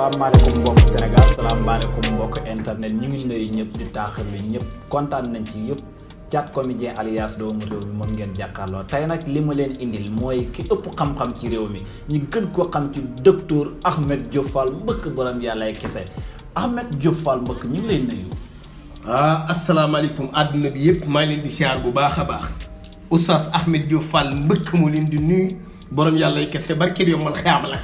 salaamaaleykum mbokk Sénégal salaamaaleykum mbokk internet ñu ngi nuyu ñëpp di taaxal li ñëpp kontaan nañ ci yëpp Thiat comédien alias doomu réew mi moom ngeen jàkkaarloo tey nag li ma leen indil mooy ki ëpp xam-xam ci réew mi ñu gën ko xam ci docteur Ahmed Diop mbëkk borom yàllaay kese Ahmed Diop Fall mbëkk ñu lay nuyu. ah asalaamaaleykum àdduna bi yëpp maa ngi leen di siyaar bu baax a baax oustaz Ahmed Diop mbëkk mu leen di nuyu borom yàllaay kese barke yow man xeexam la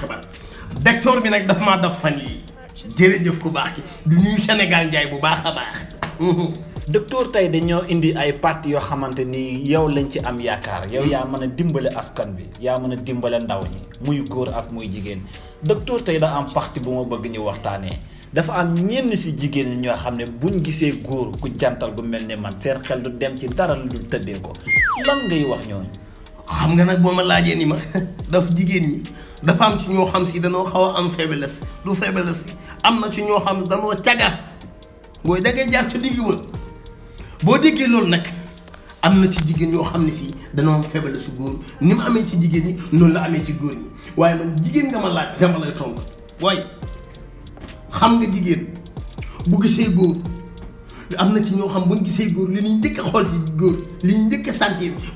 docteur bi nag dafa ma daf fan yii jëf ku baax ki du ñuy Sénégal njaay bu baax a baax. Mhm. docteur tey dañoo indi ay parti yoo xamante ni yow lañ ci am yaakaar yow mhm. yaa mën a dimbale askan bi yaa mën a dimbale ndaw ñi muy góor ak muy jigéen docteur tey da am parti bu ma bëgg ñu waxtaanee dafa am ñenn si jigéen ñi ñoo xam ne buñ gisee góor ku jantal bu mel ne man seen xel du dem ci dara lu dul tëddee ko lan ngay wax ñooñu. xam nga nag boo ma laajee ni ma daf jigéen ñi dafa am ci ñoo xam si danoo xaw a am faiblesse du si am na ci ñoo xam si danoo caga ngooy dangay jaar ci boo déggee loolu nag am na ci jigéen yoo xam ne si danoo am si góor ni mu amee ci jigéen ñi noonu la amee ci góor ñi waaye man jigéen nga ma laaj dama lay tontu waaye xam nga jigéen bu gisee góor am na ci ñoo xam buñ gisee góor li ñu njëkk xool ci góor li ñu njëkk a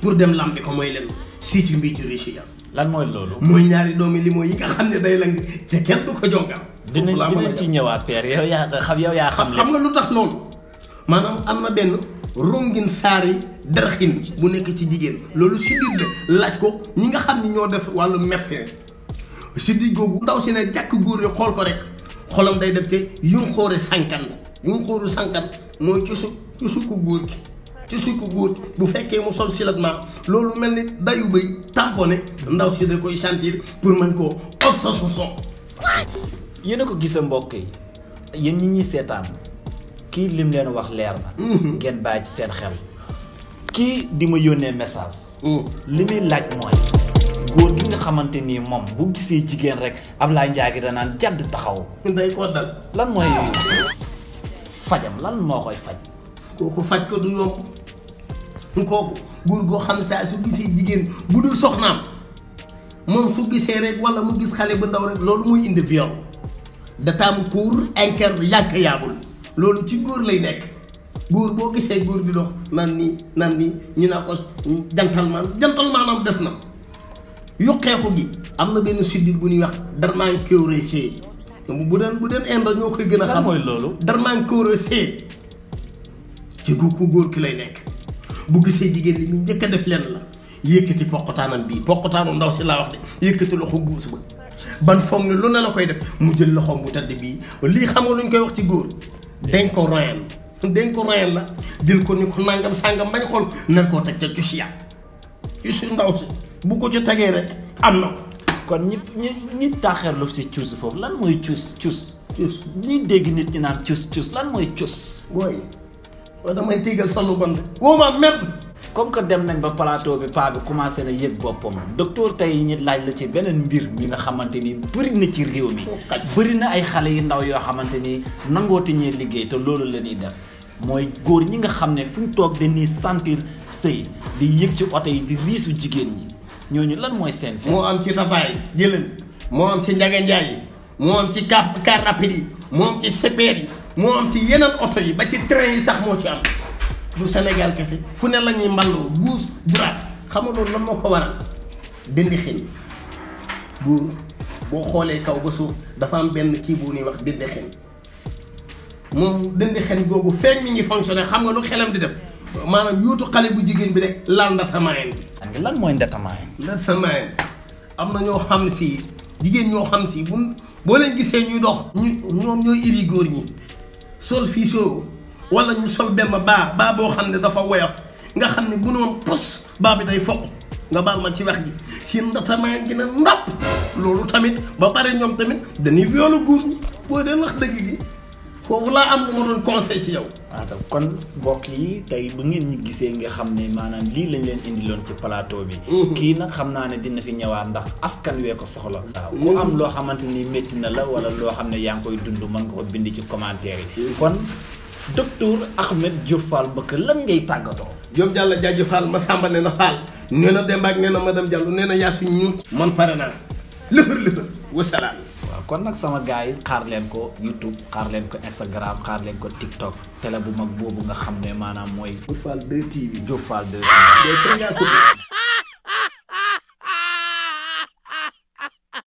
pour dem lambi ko mooy leen si ci mbii ci riche lan mooy loolu. mooy ñaari doomi limon yi nga xam ne day lang ca kenn du ko jongal. dinañ dinañ ci ñëwaat père yow yaa xam yow yaa xam. xam nga lu tax loolu maanaam am na benn rongin saari daraxin bu nekk ci jigéen loolu si biir la laaj ko ñi nga xam ne ñoo def wàllu médecin si digg googu ndaw si ne jàkk góor yi xool ko rek xolam day def te yuñ xóore sankan yuñ xóoru sankan mooy ci su ci sukku góor gi ci sukku góor gi bu fekkee mu sol silatement loolu mel ni dayu bay tamponné ndaw si da koy sentir pour mën koo obsession. yéen a ko gis mbokk yi yéen ñi ñi seetaan kii lim leen wax leer na. Mhm. ngeen bàyyi ci seen xel. kii di ma yónnee message. Mhm. li muy laaj mooy. góor gi nga xamante ni moom bu gisee jigéen rek Ablaye Ndiaye gi danaan jadd taxaw. day ko dal lan mooy. Ah. fajam lan moo koy faj kooku faj ko du yomb kooku góor goo xam saa su gisee jigéen bu dul soxnaam moom su gisee rek wala mu gis xale bu ndaw loolu mooy indi viol da taam pour incarne yàgg yaabul loolu ci góor lay nekk góor boo gisee góor bi dox naan nii naan nii ñu naa ko jantalmaan jantalmaanam des na yuqeeku gi am na benn siddit bu ñuy wax darmaan kéwréy see bu deen bu deen Inde ñoo koy gën a xam mooy loolu darmankoor see ci gu ku góor ki lay nekk bu gisee jigéen li mu njëkk a def lenn la yëkkati poqataanam bii poqataanu ndaw si laa wax de yëkkati loxo guus ba ban foog ne lu ne la koy def mu jël loxoom bu tedd bii lii xamoo nga lu ñu koy wax ci góor dañ ko royal dañ ko royal la jël ko ni ko nangam sàngam bañ xool nar koo teg ca cusiya cusi ndaw si bu ko ci tagee rek am na kon ñi ñi ñi taaxeerlu si cuus foofu lan mooy cuus cuus. cuus ñuy dégg nit ñi naan cuus cuus lan mooy cuus. booy waaw damay tiigal sa lu bon de. woo ma même. comme que dem nañ ba plateau bi paa bi commencé na yëg boppam docteur tey ñi laaj la ci beneen mbir mi nga xamante ni bëri na ci réew mi. Oh, bëri na ay xale yu ndaw yoo xamante ni nangooti ñee liggéey te loolu la ñuy def mooy góor ñi nga xam ne fu mu toog dañuy sentir sëy di yëg ci oto yi jigéen ñi. ñooñu lan mooy seen moo am ci rapaay jëlal moo am ci njaganjaay yi moo am ci car car rapide yi moo am ci sepeer yi moo am ci yeneen oto yi ba ci train yi sax moo ci am du Sénégal kese fu ne la ñuy mballoo guus duraat xam nga moo ko waral dindi xel buur boo xoolee kaw ba suuf dafa am benn kii bu ñuy wax dindi xel moom dindi xel boobu feeñ mi ngi fonctionné xam nga lu xelam di def maanaam yuutu xale bu jigéen bi rek laal ndax lan mooy ndetamaay. ndetamaay am na ñoo xam si jigéen ñoo xam si bu boo leen gisee ñuy dox. ñu ñoom ñooy góor ñi sol fiisoo wala ñu sol benn baa baa boo xam ne dafa woyof nga xam ne bu pos baa bi day foq nga baal ma ci wax ji si ndetamaay gi na ndàpp loolu tamit ba pare ñoom tamit dañuy violu góor ñi boo dee wax dëgg gi. foofu laa am ma doon conseil ci yow. waaw kon mbokk yi tey bu ngeen ñi gisee nga xam ne maanaam lii lañ leen indiloon ci plateau bi. Mhm. kii nag xam naa ne dina fi ñëwaat ndax askan wee ko soxla. Mhm. waaw ku am loo xamante ni métti na la wala loo xam ne yaa ngi koy dund mën nga ko bind ci commentaire yi. Mhm. kon docteur Ahmed Diop Fall Mbacké lan ngay tàggatoo. Diop Diallo jaaju Fall ma Samba nee na Fall. nee na Demba ak nee na dem Diallo nee na Yacine ñun. man pare naa lëfër kon nag sama gars yi xaar leen ko YouTube xaar leen ko Instagram xaar leen ko TikTok tele bu mag boobu nga xam ne maanaam mooy. Diop Fall 2 TV Diop Fall 2 TV.